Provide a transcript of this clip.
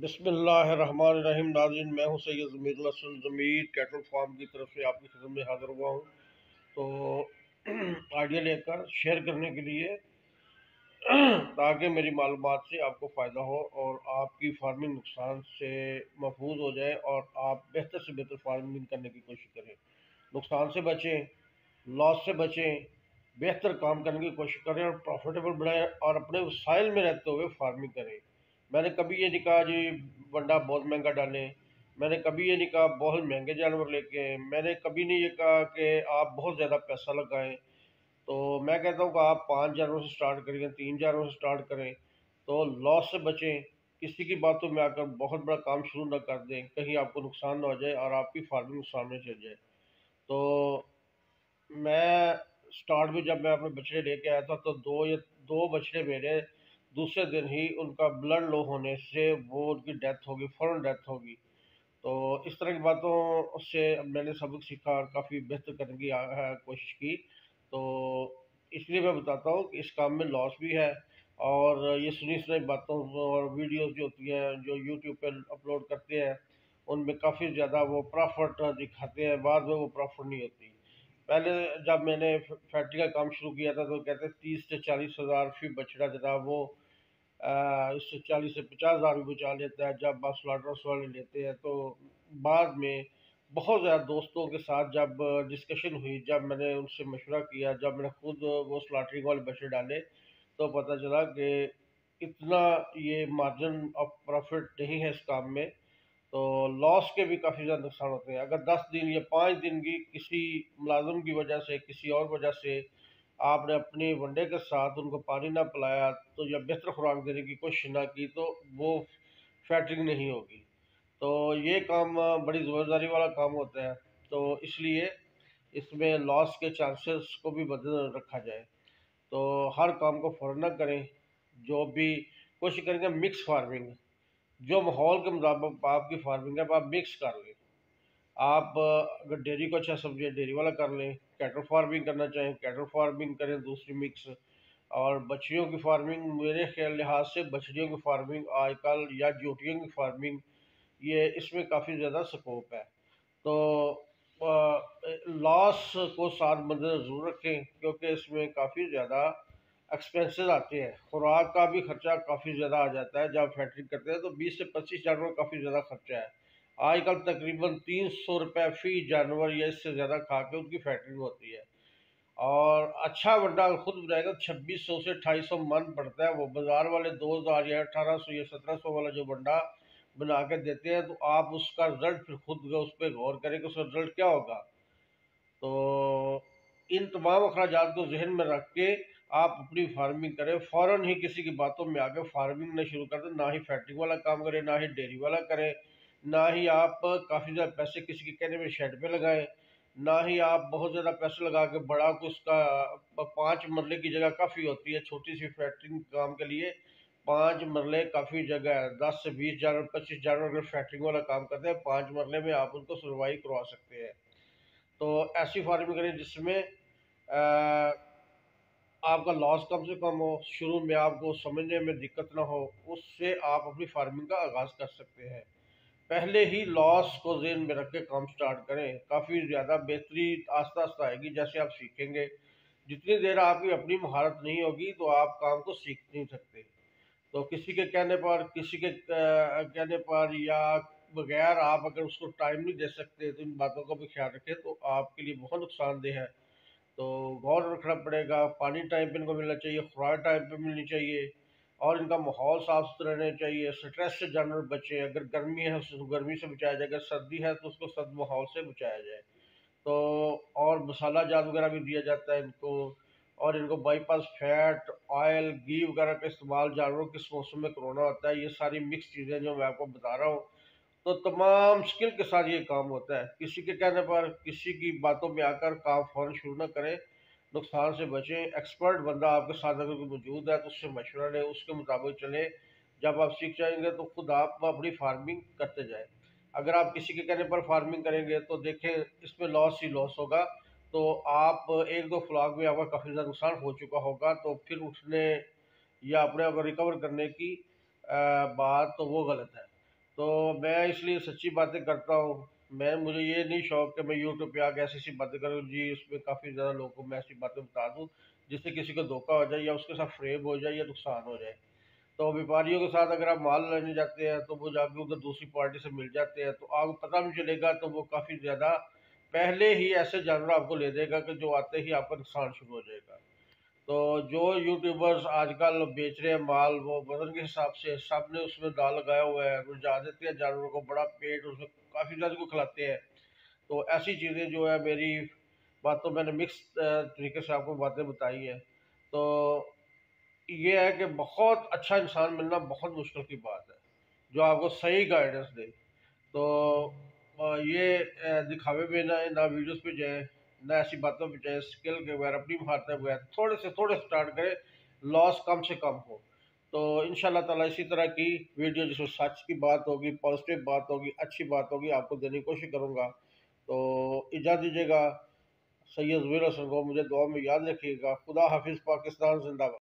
बसमीम नाजिन मैं हूँ सैद ज़मीर लसन ज़मीर कैटल फार्म की तरफ से आपकी ख़दम में हाज़िर हुआ हूँ तो आइडिया लेकर शेयर करने के लिए ताकि मेरी मालूम से आपको फ़ायदा हो और आपकी फार्मिंग नुकसान से महफूज हो जाए और आप बेहतर से बेहतर फार्मिंग करने की कोशिश करें नुकसान से बचें लॉस से बचें बेहतर काम करने की कोशिश करें और प्रॉफिटेबल बनाएँ और अपने वसाइल में रहते हुए फार्मिंग करें मैंने कभी ये नहीं कहा जी बंडा बहुत महंगा डालें मैंने कभी ये नहीं कहा बहुत महंगे जानवर लेके आए मैंने कभी नहीं ये कहा कि आप बहुत ज़्यादा पैसा लगाएं तो मैं कहता हूँ कि आप पाँच जानवरों से स्टार्ट करें तीन जानवरों से स्टार्ट करें तो लॉस से बचें किसी की बातों में आकर बहुत बड़ा काम शुरू ना कर दें कहीं आपको नुकसान ना हो जाए और आपकी फार्मिंग नुकसान में चल जाए तो मैं स्टार्ट में जब मैं अपने बछड़े लेके आया था तो दो या दो बछड़े मेरे दूसरे दिन ही उनका ब्लड लो होने से वो उनकी डेथ होगी फ़ौरन डेथ होगी तो इस तरह की बातों से मैंने सबक सीखा और काफ़ी बेहतर करने की कोशिश की तो इसलिए मैं बताता हूँ कि इस काम में लॉस भी है और ये सुनी सुनाई बातों और वीडियोस जो होती हैं जो यूट्यूब पर अपलोड करते हैं उनमें काफ़ी ज़्यादा वो प्रॉफिट दिखाते हैं बाद में वो प्रॉफिट नहीं होती पहले जब मैंने फैक्ट्री का काम शुरू किया था तो कहते तीस से चालीस हज़ार फी बछड़ा जरा वो उससे चालीस से पचास हज़ार भी बचा लेता है जब बस लाटरस वाले लेते हैं तो बाद में बहुत ज़्यादा दोस्तों के साथ जब डिस्कशन हुई जब मैंने उनसे मशवरा किया जब मैंने खुद वो स्लाटरिंग वाले बच्चे डाले तो पता चला कि इतना ये मार्जिन ऑफ प्रॉफिट नहीं है इस काम में तो लॉस के भी काफ़ी ज़्यादा नुकसान होते हैं अगर दस दिन या पाँच दिन की किसी मुलाजम की वजह से किसी और वजह से आपने अपने वनडे के साथ उनको पानी ना पिलाया तो या बेहतर खुराक देने की कोशिश ना की तो वो फैटरिंग नहीं होगी तो ये काम बड़ी ज़िम्मेदारी वाला काम होता है तो इसलिए इसमें लॉस के चांसेस को भी बद रखा जाए तो हर काम को फ़ौर ना करें जो भी कोशिश करेंगे मिक्स फार्मिंग जो माहौल के मुताबिक आपकी फार्मिंग है आप मिक्स कर लें आप अगर डेयरी को अच्छा समझे डेयरी वाला कर लें कैटल फार्मिंग करना चाहें कैटल फार्मिंग करें दूसरी मिक्स और बछड़ियों की फार्मिंग मेरे ख्याल लिहाज से बछड़ियों की फार्मिंग आजकल या ज्योटियों की फार्मिंग ये इसमें काफ़ी ज़्यादा स्कोप है तो लॉस को साथ मदद जरूर रखें क्योंकि इसमें काफ़ी ज़्यादा एक्सपेंसेस आते हैं खुराक का भी खर्चा काफ़ी ज़्यादा आ जाता है जब फैक्ट्री करते हैं तो बीस से पच्चीस हज़ार रुपये काफ़ी ज़्यादा खर्चा है आजकल तकरीबन तीन सौ रुपये फी जानवर या इससे ज़्यादा खा के उनकी फैटरिंग होती है और अच्छा भंडाल खुद बनाएगा छब्बीस सौ से अठाईस सौ मन पड़ता है वो बाज़ार वाले दो हज़ार या अठारह सौ या सत्रह सौ वाला जो बंडा बना के देते हैं तो आप उसका रिजल्ट फिर खुद उस पर गौर करें कि उसका रिजल्ट क्या होगा तो इन तमाम अखराज को जहन में रख के आप अपनी फार्मिंग करें फ़ौर ही किसी की बातों में आके फार्मिंग ना शुरू कर दें ना ही फैक्ट्री वाला काम करें ना ही डेयरी वाला करें ना ही आप काफ़ी ज़्यादा पैसे किसी के कहने में शेड पे लगाए ना ही आप बहुत ज़्यादा पैसे लगा के बड़ा कुछ का पाँच मरले की जगह काफ़ी होती है छोटी सी फैक्ट्री काम के लिए पाँच मरले काफ़ी जगह है दस से बीस जानवर पच्चीस जानवर अगर फैक्ट्रिंग वाला काम करते हैं पाँच मरले में आप उनको सुनवाई करवा सकते हैं तो ऐसी फार्मिंग करें जिसमें आपका लॉस कम से कम हो शुरू में आपको समझने में दिक्कत ना हो उससे आप अपनी फार्मिंग का आगाज़ कर सकते हैं पहले ही लॉस को जेन में रख के काम स्टार्ट करें काफ़ी ज़्यादा बेहतरी आस्ता आस्ता आएगी जैसे आप सीखेंगे जितनी देर आपकी अपनी महारत नहीं होगी तो आप काम को सीख नहीं सकते तो किसी के कहने पर किसी के कहने पर या बगैर आप अगर उसको टाइम नहीं दे सकते तो इन बातों का भी ख्याल रखें तो आपके लिए बहुत नुकसानदेह है तो गौर रखना पड़ेगा पानी टाइम पर इनको मिलना चाहिए खुराक टाइम पर मिलनी चाहिए और इनका माहौल साफ सुथरा रहना चाहिए स्ट्रेस से जानवर बचें अगर गर्मी है उसको गर्मी से बचाया जाए अगर सर्दी है तो उसको सर्द माहौल से बचाया जाए तो और मसाला जात वगैरह भी दिया जाता है इनको और इनको बाईपास फैट ऑयल घी वगैरह का इस्तेमाल जानवरों किस मौसम में करोना होता है ये सारी मिक्स चीज़ें जो मैं आपको बता रहा हूँ तो तमाम स्किल के साथ ये काम होता है किसी के कहने पर किसी की बातों में आकर काम फ़ौरन शुरू ना करें नुकसान से बचें एक्सपर्ट बंदा आपके साथ अगर कोई मौजूद है तो उससे मशवरा लें उसके मुताबिक चलें जब आप सीख जाएंगे तो खुद आप अपनी फार्मिंग करते जाएं अगर आप किसी के कहने पर फार्मिंग करेंगे तो देखें इसमें लॉस ही लॉस होगा तो आप एक दो फ्लॉक में आपका काफ़ी ज़्यादा नुकसान हो चुका होगा तो फिर उठने या अपने आप रिकवर करने की बात तो वो गलत है तो मैं इसलिए सच्ची बातें करता हूँ मैं मुझे ये नहीं शौक कि मैं यूट्यूब पे आके ऐसी ऐसी बातें करूँ जी उसमें काफ़ी ज़्यादा लोगों को मैं ऐसी बातें बता दूँ जिससे किसी को धोखा हो जाए या उसके साथ फ्रेब हो जाए या नुकसान हो जाए तो व्यापारियों के साथ अगर आप माल लेने जाते हैं तो वो जाके उधर दूसरी पार्टी से मिल जाते हैं तो आपको पता भी चलेगा तो वो काफ़ी ज़्यादा पहले ही ऐसे जानवर आपको ले देगा कि जो आते ही आपका नुकसान शुरू हो जाएगा तो जो यूट्यूबर्स आजकल बेच रहे हैं माल वो वजन के हिसाब से सब ने उसमें दाल लगाया हुआ है वो जा देते हैं जानवरों को बड़ा पेट उसमें काफ़ी ज़्यादा को खिलाते हैं तो ऐसी चीज़ें जो है मेरी बातों मैंने मिक्स तरीके से आपको बातें बताई हैं तो ये है कि बहुत अच्छा इंसान मिलना बहुत मुश्किल की बात है जो आपको सही गाइडेंस दे तो ये दिखावे में ना ना वीडियोस पे जाए ना ऐसी बातों पे जाए स्किल के बगैर अपनी महारतें बगैर थोड़े से थोड़े स्टार्ट करें लॉस कम से कम हो तो इन ताला इसी तरह की वीडियो जिसमें सच की बात होगी पॉजिटिव बात होगी अच्छी बात होगी आपको देने की कोशिश करूँगा तो इजाज़ दीजिएगा सैयद वीर हसन को मुझे दुआ में याद रखिएगा खुदा हाफिज़ पाकिस्तान जिंदाबाद